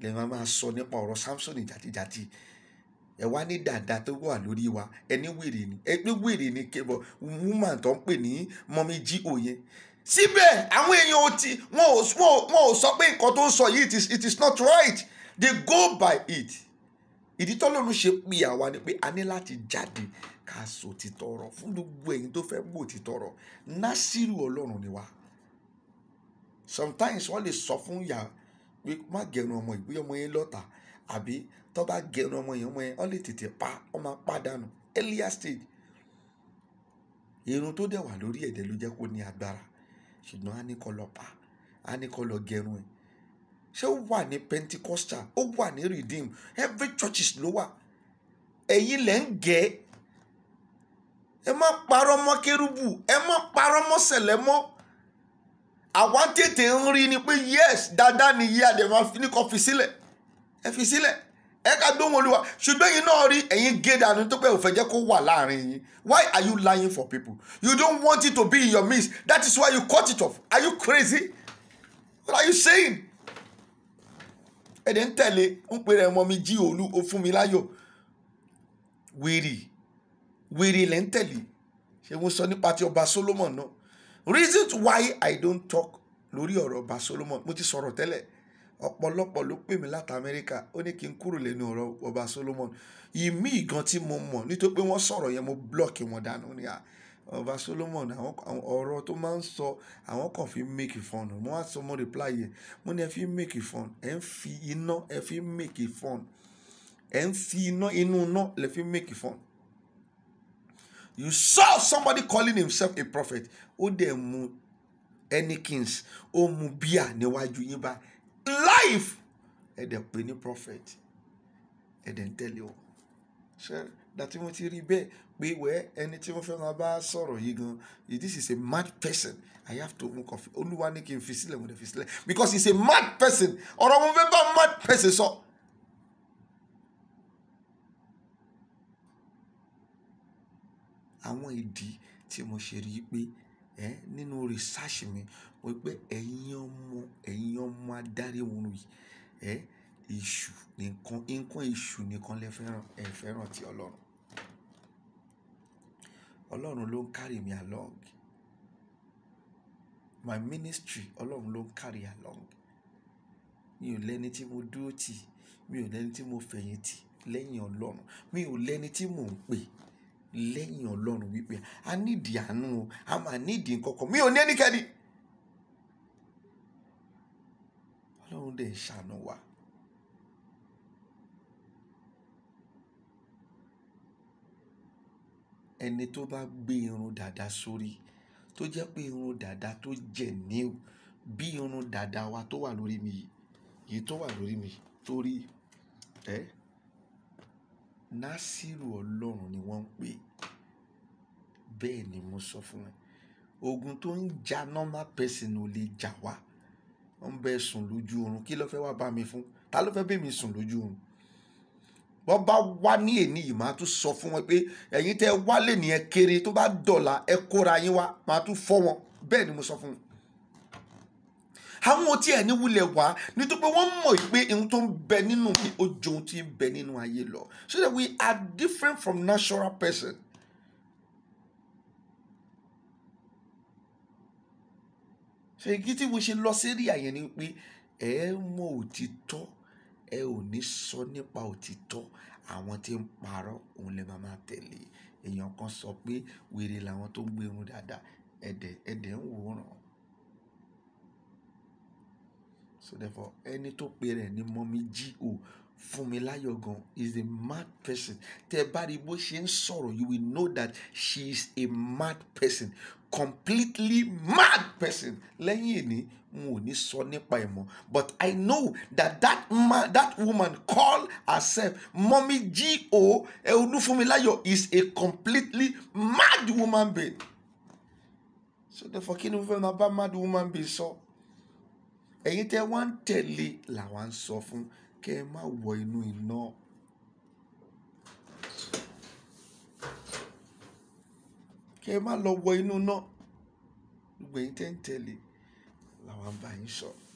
lè máa máa sọ nípa ọ̀rọ̀ Samson jàtijàti ẹ wá ní dáadáa tó wà lórí wa ẹ ní wèrè ni ẹ pé wèrè ni kébọ woman tó ń pè ní mọ́mí jí òye síbẹ̀ àwọn èèyàn ò ti wọn ò sọ pé nǹkan tó ń sọ yìí it is not right they go by it ìdí tọ́lọ́run ṣe pè àwa ni pé a ní láti jáde ká sọ títọ́ ọ̀rọ̀ fún gbogbo ẹ̀yin tó fẹ́ gbọ́ títọ́ ọ̀rọ̀ násìrù ọlọ́run ni wa sometimes wọ́n lè sọ fún yàrá pé má gẹrun ọmọ yìí bóyá ọmọ yẹn lọ́ta àbí tó bá gẹrun ọmọ yẹn ọmọ yẹn wọ́n lè tètè pa wọ́n máa pa dànù earlier stage irun tó dẹ̀ wà lórí ẹ̀dẹ̀ ló jẹ́ kó ní agbára ṣùgbọ́n a ní kó lọ pa a ní kó lọ gẹrun ẹ̀ ṣé ó wà ní Pentecostal ó wà ní Redeem every churches ló wà ẹ̀yin lẹ́ ń gẹ̀ ẹ má parọ́ mọ́ kérúbù ẹ má parọ́ mọ́ sẹ̀lẹ̀ mọ́ àwa tètè ń rí ni pé yes dáadáa nìyí àdèmà nìkan fi sílẹ̀ ẹ fi sílẹ̀ ẹ ká gbóhùn olúwa ṣùgbọ́n yìí náà rí ẹ̀yin gé dànù tó pé ó jẹ́ kó wà láàrin yín why are you lying for people you don't want it to be in your midst that is why you cut it off are you crazy what are you saying ẹ̀dẹ̀ ń tẹ̀lé ń pèrè ọmọ mi jí òlu ó fún mi láyọ̀ wèrè wèrè lẹ́ ń tẹ̀lé ṣé wọ́n sọ nípa ti ọba Solomon náà reason why i don't talk lórí ọ̀rọ̀ ọba solomon mo ti sọ̀rọ̀ tẹ́lẹ̀ ọ̀pọ̀lọpọ̀ ló pè mí láti amẹ́ríkà ó ní kí n kúrò lẹ́nu ọ̀rọ̀ ọba solomon ìmí ìgan tí mo mọ̀ nítorí pé wọ́n sọ̀rọ̀ yẹn mo blọ́ọ̀kì wọn dànù ni à ọba solomon àwọn ọ̀rọ̀ tó máa ń sọ àwọn kan fi make fun mo wá sọ mo reply yẹn mo ní ẹ fi make fun ẹ ń fi iná ẹ fi make fun ẹ ń fi iná inú iná lẹ fi make fun you saw somebody calling himself a prophet ó dẹ̀ mu Hennekins ó mu bíà níwájú yín bá life ẹ dẹ̀ pè ní prophet ẹ dẹ̀ ń tẹ̀lé o ṣe dàtí mo ti rí bẹ́ẹ̀ pé wẹ́ ẹni tí mo fẹ́ máa bá sọ̀rọ̀ yìí gan this is a mad person I have to mú kọfí olúwa ní kí n fi sílẹ̀ mo dẹ̀ fi sílẹ̀ because he is a mad person ọ̀rọ̀ mo fẹ́ bá mad person sọ. So. àwọn ìdí tí mo ṣe rí pé, ẹ́ nínú research mi, mo rí pé ẹ̀yin ọmọ, ẹ̀yin ọmọ adarí irun yìí, ẹ́ èṣù nìkan, nǹkan èṣù nìkan lẹ fẹ́ràn, ẹ fẹ́ràn ti Ọlọ́run. Ọlọ́run ló ń carry me along. My ministry, Ọlọ́run ló ń carry along. Mi ò lẹ́ni tí mo dúró tì, mi ò lẹ́ni tí mo fẹ̀yìntì lẹ́yìn Ọlọ́run, mi ò lẹ́ni tí mò ń pè lẹ́yìn ọlọ́run wípé a nídìí àánú o a máa nídìí nǹkan mi ò ní ẹnikẹ́ni ọlọ́run dẹ̀ ṣàánú wa. ẹni tó bá gbé irun dàda sórí tó jẹ́ pé irun dàda tó jẹ̀ ní bí irun dàda wa tó wà lórí mi yìí tó wà lórí mi torí ẹ́. Eh? Násírù Ọlọ́run ni wọ́n ń pè é. Bẹ́ẹ̀ ni mo sọ fún ẹ. Ogun tó ń ja normal person ò lè jà wá. Wọ́n ń bẹ sùn lójú oorun. Kí ló fẹ́ wá bá mi fún? Ta ló fẹ́ bá mi sùn lójú oorun? Wọ́n bá wá ní èní yìí, màá tún sọ fún wọn pé ẹ̀yin tẹ wá lè kéré tó bá dọ̀la ẹ kóra yín wá, màá tún fọ́ wọn. Bẹ́ẹ̀ ni mo sọ fún wọn àwọn otí ẹ̀ ní wulẹ̀ wá nítorí pé wọ́n mọ̀ pé ohun tó ń bẹ nínú mi ó ju ohun tí ń bẹ nínú ayé lọ so that we are different from natural person. ṣèyí tí mo ṣe lọ sí rí àyẹ̀ ni pé ẹ mọ òtítọ́ ẹ ò ní sọ nípa òtítọ́ àwọn tí ń parọ́ òun lè máa tẹ̀lé èèyàn kan sọ pé wèrè làwọn tó ń gbé irun dáadáa ẹ̀dẹ̀ ẹ̀dẹ̀ ń wòran So therefore, ẹni tó pe rẹ̀ ní mọ́mí G.O. Funmilayo gan is a mad person. Tẹ́ bá rí bó ṣe ń sọ̀rọ̀ you will know that she is a mad person completely mad person. Lẹ́yìn èní, n ò ní sọ nípa ẹ̀ mọ́. But I know that that man that woman call herself mọ́mí G.O. Olúfúnmiláyọ̀ is a completely mad woman being. So therefore, kí ni mo fẹ́ máa bá mad woman being sọ? So? ẹ̀yin tẹ́ wá ń tẹ̀lé làwa ń sọ fún kẹ́ ẹ má wọ inú iná. kẹ́ ẹ má lọ wọ inú iná gbogbo ẹ̀yin tẹ́ ń tẹ̀lé làwa ń bá yín sọ̀rọ̀.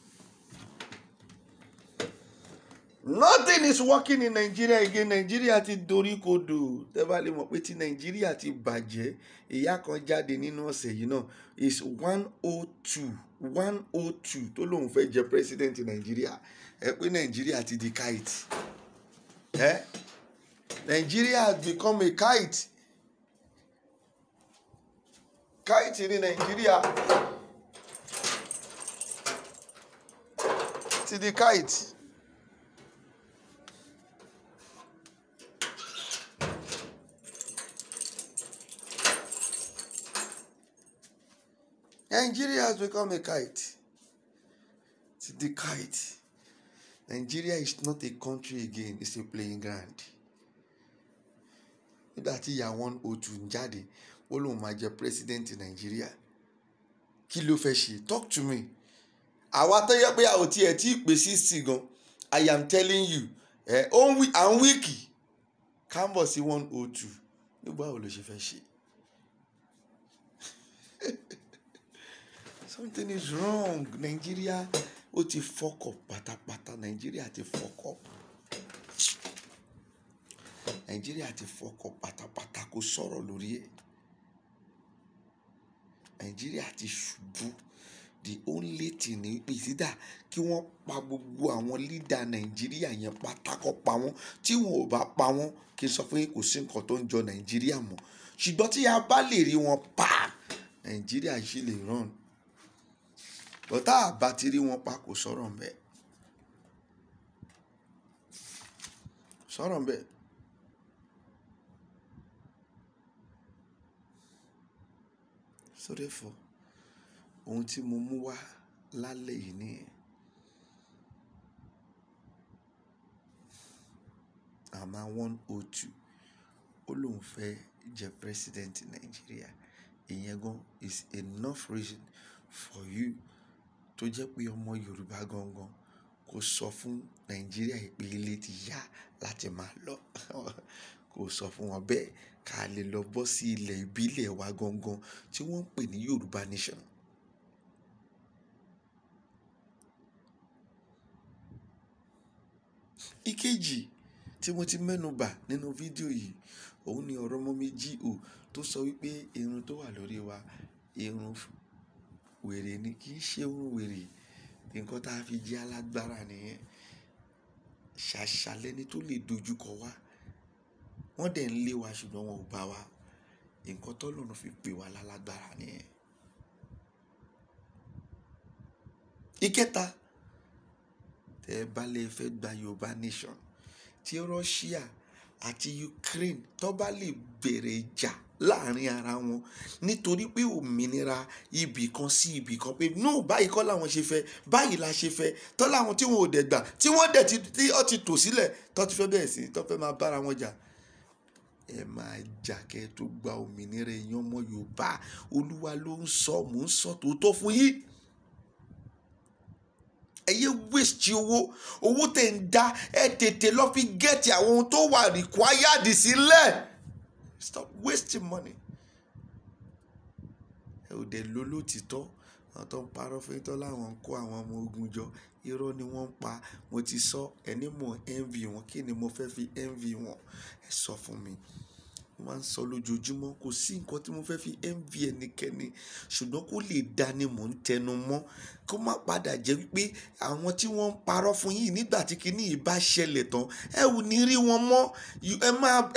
nothing is working in Nigeria again Nigeria ti dorí kodò tẹ́ bá lè mọ̀ pé ti Nigeria ti bàjẹ́ ìyá kan jáde nínú ọ̀sẹ̀ yìí náà is one oh two one oh two tó lóun fẹ́ jẹ president Nigeria ẹ pé Nigeria ti di kite ẹ eh? Nigeria has become a kite kite ní Nigeria ti di kite. Nigeria has become a kite. It's the kite. Nigeria is not a country again, it's a playing ground. Nígbà tí ìyá one oh two ń jáde, ó lóun máa jẹ president Nigeria. Kí ló fẹ́ ṣe? Talk to me. Àwa tó yẹ pé àwọn tiẹ̀ tí ì pè sixty gan, I am telling you, ẹ̀ eh, ó ń wí à ń wíìkì. Kámbọ̀ sí one oh two. Nígbà wo ló ṣe fẹ́ ṣe? something is wrong Nigeria. ó ti fọkọ pátápátá nàìjíríà ti fọkọ nàìjíríà ti fọkọ pátápátá kò sọ̀rọ̀ lórí ẹ̀ nàìjíríà ti ṣubú the only thing ni pé sídà kí wọ́n pa gbogbo àwọn lídà nàìjíríà yẹn pátákọ́ pa wọ́n tí wọn ò bá pa wọ́n kí n sọ pé kò sí nǹkan tó ń jọ nàìjíríà mọ́ ṣùgbọ́n tí a bá lè rí wọn pa nàìjíríà yìí lè ràn but tá a bá ti rí wọn pa kò sọ̀rọ̀ ń bẹ̀ sọ̀rọ̀ ń bẹ̀. so therefore ohun tí mo mú wá lálẹ́ yìí nìyẹn àmà one oh two ó lóun fẹ́ jẹ president Nigeria ìyẹn gan is enough reason for you tó jẹ́ pé ọmọ Yorùbá gangan kò sọ fún Nàìjíríà pé ilé ti yá láti máa lọ *laughs* kò sọ fún wọn bẹ́ẹ̀ ká lè lọ bọ́ sí ilẹ̀ ìbílẹ̀ wa gangan tí wọ́n ń pè ní Yorùbá nation. ìkejì tí mo ti mẹ́nubà nínú fídíò yìí òun ni ọ̀rọ̀ ọmọ mi G.O tó sọ wípé irun tó wà lórí wa irun wèrè ni kì í ṣe irun wèrè nǹkan tá a fi jẹ́ alágbára nìyẹn ṣàṣà lẹni tó lè dojúkọ wá wọ́n dẹ̀ ń lé wa ṣùgbọ́n wọn ò bá wa nǹkan tọ́lọ́run fi pè wá lálágbára nìyẹn. ìkẹta tẹ bá lè fẹ́ gba yorùbá nation tí russia àti ukraine tó bá lè bẹ̀rẹ̀ ìjà. Ja láàrin ara wọn nítorí pé òmìnira ibì kan sí ibì kan pé nù báyìí kọ́ làwọn ṣe fẹ́ báyìí la ṣe fẹ́ tọ́ làwọn tí wọn ò dẹ̀ gbà tí wọ́n dẹ̀ tí ọ ti tò sílẹ̀ tọ́ ti fẹ́ bẹ̀rẹ̀ sí tọ́ fẹ́ máa bára wọn jà ẹ máa jà kẹ́ ẹ tó gba òmìnira ẹ̀yin ọmọ Yorùbá Olúwa ló ń sọ mò ń sọ tòótọ́ fún yín ẹyẹ wíṣì owó owó tẹ̀ ń dá ẹ tètè lọ fi gẹ́ẹ̀tì àwọn ohun tó wà required sílẹ̀. Si stop wasting money ẹ ò dẹ̀ lo lótìtọ́ àwọn tó ń parọ́ fún yín tó láwọn ń kó àwọn ọmọ ogun jọ irọ́ ni wọ́n ń pa mo ti sọ ẹni mò ń envy wọn kí ni mo fẹ́ fi envy wọn ẹ sọ fún mi máa ń sọ lójoojúmọ́ kò sí nǹkan tí mo fẹ́ fi envy ẹnikẹ́ni ṣùgbọ́n kó lè dání mò ń tẹnu mọ́ kó má padà jẹ́ wípé àwọn tí wọ́n ń parọ́ fún yín nígbà tí kinní yìí bá ṣẹlẹ̀ tán ẹ ò ní rí wọn mọ́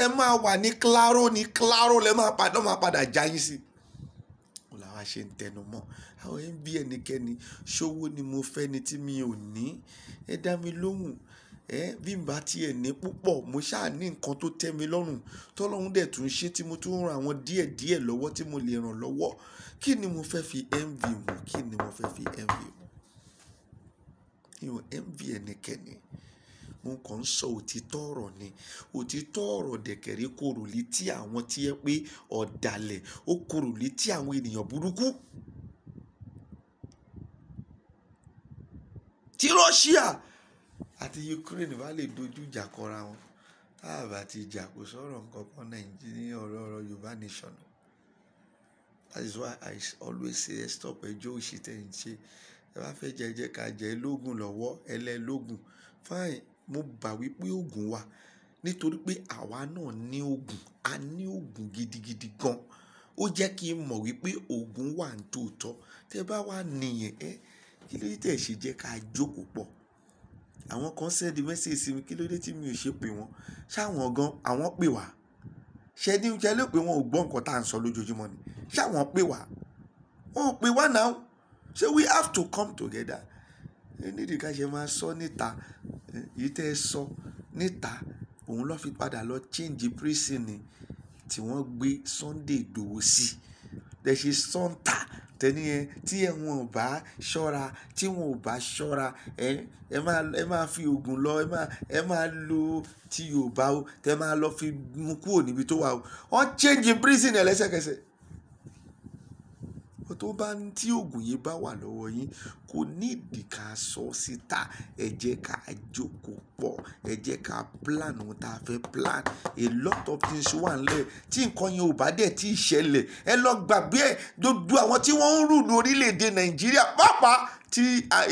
ẹ máa wà ní claro ní claro lẹ́ máa padà já yín sí kò làwa ṣe ń tẹnu mọ́ àwọn ẹ ẹnikẹ́ni ṣòwò ni mo fẹ́ ni tí mi ò ní ẹ dá mi lóhùn ẹ bí n bá tiẹ̀ ní púpọ̀ mo ṣáà ní nǹkan tó tẹ́ mi lọ́rùn tọ́lọ́hún dẹ̀ tún ṣe tí mo tún ran àwọn díẹ̀ díẹ̀ lọ́wọ́ tí mo lè ràn lọ́wọ́ kí ni mo fẹ́ fi envy mu kí ni mo fẹ́ fi envy mu ìwọ̀n envy ẹnikẹ́ni mo kàn ń sọ òtítọ́ ọ̀rọ̀ ni òtítọ́ ọ̀rọ̀ dẹ̀kẹ̀rí korò létí àwọn tí ẹ pé ọ̀dàlẹ̀ ó korò létí àwọn ènìyàn burúkú. ti Russia àti Ukraine bá lè dojú ìjà kọra wọn tá a bá ti jà kò sọ̀rọ̀ nǹkan kan Nàìjíríà ọ̀rọ̀ ọ̀rọ̀ Yorùbá nation that is why I always say ẹ stop ẹjọ́ òṣì tẹ̀ ń ṣe ẹ bá fẹ́ jẹ jẹ́ ká jẹ́ lógún lọ́wọ́ ẹlẹ́lógún fine mo gbà wípé oògùn wà nítorí pé àwa náà ní oògùn a ní oògùn gidigidi gan ó jẹ́ kí n mọ̀ wípé oògùn wà ní tòótọ́ tẹ́ bá wà nìyẹn ẹ kí ló dé tẹ̀ ṣe jẹ́ ká jókòó pọ̀ àwọn kan send message sí mi kí ló dé tí mi ò ṣe pè wọ́n ṣáwọn gan àwọn pè wá ṣe ní oúnjẹ ló pé wọn ò gbọ́ nǹkan tá à ń sọ lójoojúmọ́ ni ṣáwọn pè wá wọn ò pè wá náà ṣé we have to come together nídìí ká ṣe máa sọ níta yìí tẹ́ ẹ sọ níta òun ló fi padà lọ change prison ni tí wọ́n gbé Sunday Igboho sí lẹ́sẹ̀ sọ́ńtà tẹ́ni yẹn tí ẹ̀wọ̀n ò bá ṣọ́ra tí wọn ò bá ṣọ́ra ẹ ẹ máa ẹ máa fi oògùn lọ ẹ máa ẹ máa lo ti Yorùbá o tẹ máa lọ fi mú kúrò níbi tó wà o wọ́n change prison ẹ̀ lẹ́sẹ̀kẹsẹ̀ tó bá ń tí oògùn yìí bá wà lọ́wọ́ yín kò ní ìdí ká sọ síta ẹ ká jókòó pọ̀ ẹ ká plan ohun tá a fẹ́ plan a lot of things wà nílẹ̀ tí nǹkan yẹn ò bá dẹ̀ tí ì ṣẹlẹ̀ ẹ lọ gbàgbé ẹ̀ gbogbo àwọn tí wọ́n ń rù ní orílẹ̀-èdè nàìjíríà pàápàá ti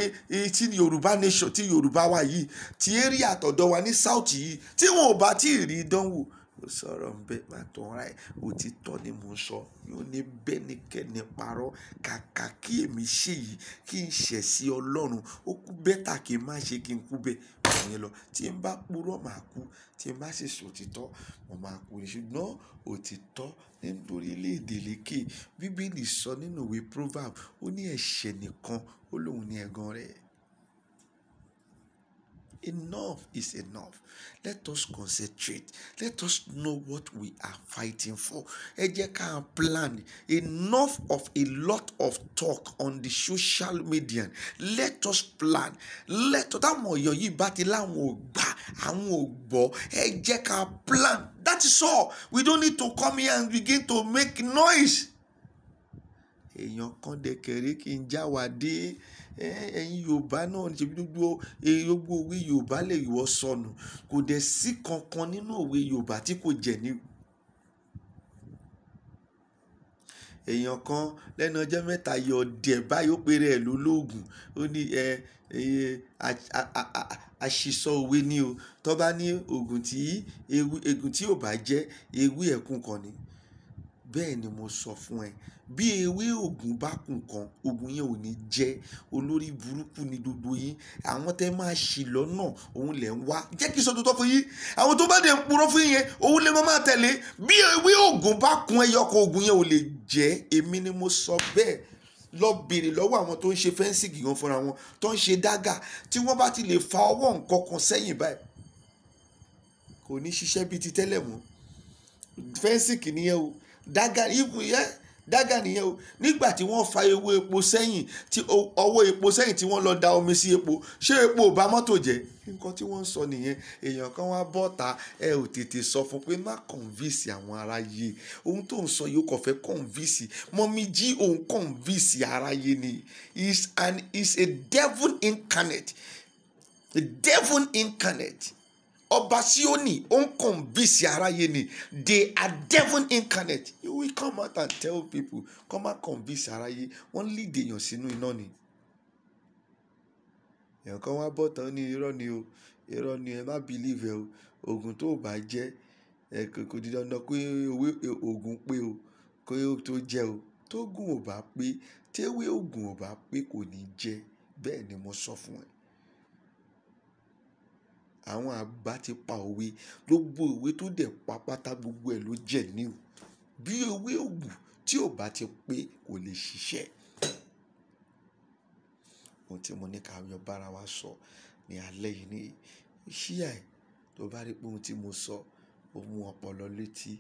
e, e, ti yorùbá nation ti yorùbá wa yìí ti area àtọ̀dọ̀ wa ní south yìí tí wọn ò bá tí ì rí dánwò kò sọ̀rọ̀ ń bẹ́ẹ̀ máa tún ra ẹ̀ òtítọ́ ni mò ń sọ yóò ní bẹ́nikẹ́ni parọ́ kàkà kí èmi ṣe yìí kí n ṣẹ̀ sí ọlọ́run ó kú bẹ́tà kí n má ṣe kí n kú bẹ́ẹ̀ ìyẹn lọ tí n bá purọ́ màá kú tí n bá sì sòtítọ́ mo máa kú ni ṣùgbọ́n òtítọ́ nítorí iléèdè lékè bíbélì sọ nínú ìwé proverb ó ní ẹ̀ṣẹ̀ nìkan ó lóun ní ẹ̀gàn rẹ̀ Enough is enough. Let us concentrate. Let us know what we are fighting for. Ẹ jẹ́ ká plan enough of a lot of talk on the social media. Let us plan. Let táwọn ọ̀yọ́ yìí bá ti láwọn ò gbà àwọn ò gbọ́. Ẹ jẹ́ ká plan. That is all. We don't need to come here and begin to make noise. Èèyàn kan dẹ̀kẹ̀rẹ́ kí n já wa dé ẹ̀yin yorùbá náà ní ṣebí gbogbo eh, gbogbo òwe yorùbá lè wọ́ sọnù kò dẹ̀ sí kankan nínú òwe yorùbá tí kò jẹ̀ ní. èèyàn kan lẹ́nu ọjọ́ mẹ́ta yọ ọ̀dẹ̀ báyìí ó péré ẹ̀ lólóògùn ó ní ẹ àṣìsọ òwe ni o tó ní oògùn tí egun tí ò bá jẹ́ ewé ẹ̀kún kan ni bẹ́ẹ̀ ni mo sọ fún ẹ bí ewé ògùn bá kùn kan ògùn yẹn ò ní jẹ olórí burúkú ni gbogbo yín àwọn tẹ máa ṣì lọ́nà òun lẹ̀ ń wá jẹ́ kí sọ́tò tọ́ fún yín àwọn tó bá dẹ̀ ń purọ́ fún yẹn òun lè máa tẹ̀lé bí ewé ògùn bá kùn ẹyọkọ̀ ògùn yẹn ò lè jẹ́ èmi ni mo sọ bẹ́ẹ̀ lọ béèrè lọ́wọ́ àwọn tó ń ṣe fẹ́ǹsì gígan fúnra wọn tó ń ṣe dágà tí wọ́n bá ti lè fa ọwọ́ nǹkan kan sẹ́yìn báyìí kò ní ṣiṣẹ́ bíi ti tẹ́lẹ̀ mọ́ fẹ́ǹsì kìnìyẹn o dágà ibùn dága nìyẹn o nígbà tí wọ́n fa ewé epo sẹ́yìn tí ọwọ́ epo sẹ́yìn tí wọ́n lọ da omi sí epo ṣé epo ò bà mọ́tò jẹ́ nǹkan tí wọ́n ń sọ nìyẹn èèyàn kan wá bọ́ta ẹ ò tètè sọ fún pé má kọ̀ǹvíìsì àwọn aráyé ohun tó ń sọ yìí ó kàn fẹ́ kọ̀ǹvíìsì mọ́mí jí òun kọ̀ǹvíìsì aráyé ni is an is a devil incarnate a devil incarnate ọba Síónì ó ń convince aráyé ni they are devil incarnate you will come out and tell people come out convince aráyé wọ́n lead èèyàn sínú iná ni èèyàn kan wá bọ̀ tán ní irọ́ ni o irọ́ ni ẹ má believe ẹ o oògùn tó o bá jẹ ẹ kò di dandan pé owó e, oògùn pé o kó o tó jẹ o tóògùn ò bá pé téwé oògùn ò bá pé kò ní jẹ bẹ́ẹ̀ ni mo sọ fún ẹ àwọn àgbà ti pa òwe gbogbo òwe tó dẹ̀ pa pátá gbogbo ẹ̀ ló jẹ́ ní o bí òwe òwú tí ò bá ti pé kò lè ṣiṣẹ́ ohun tí mo ní ká yọ bára wa sọ ní alẹ́ yìí ní ṣíà ẹ̀ tó bá rí pé ohun tí mo sọ ó mú ọpọlọ létí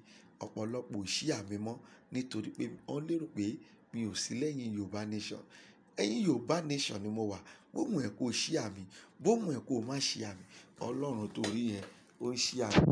ọ̀pọ̀lọpọ̀ ò ṣíà mi mọ́ nítorí pé wọ́n lérò pé mi ò sí lẹ́yìn Yorùbá nation ẹ̀yin Yorùbá nation ni mo wà bó mọ̀ ẹ́ kó ṣí àmì bó mọ̀ ẹ́ má ṣí àmì Ọlọ́run tó rí yẹn ó ń ṣí àmì.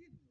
сильно.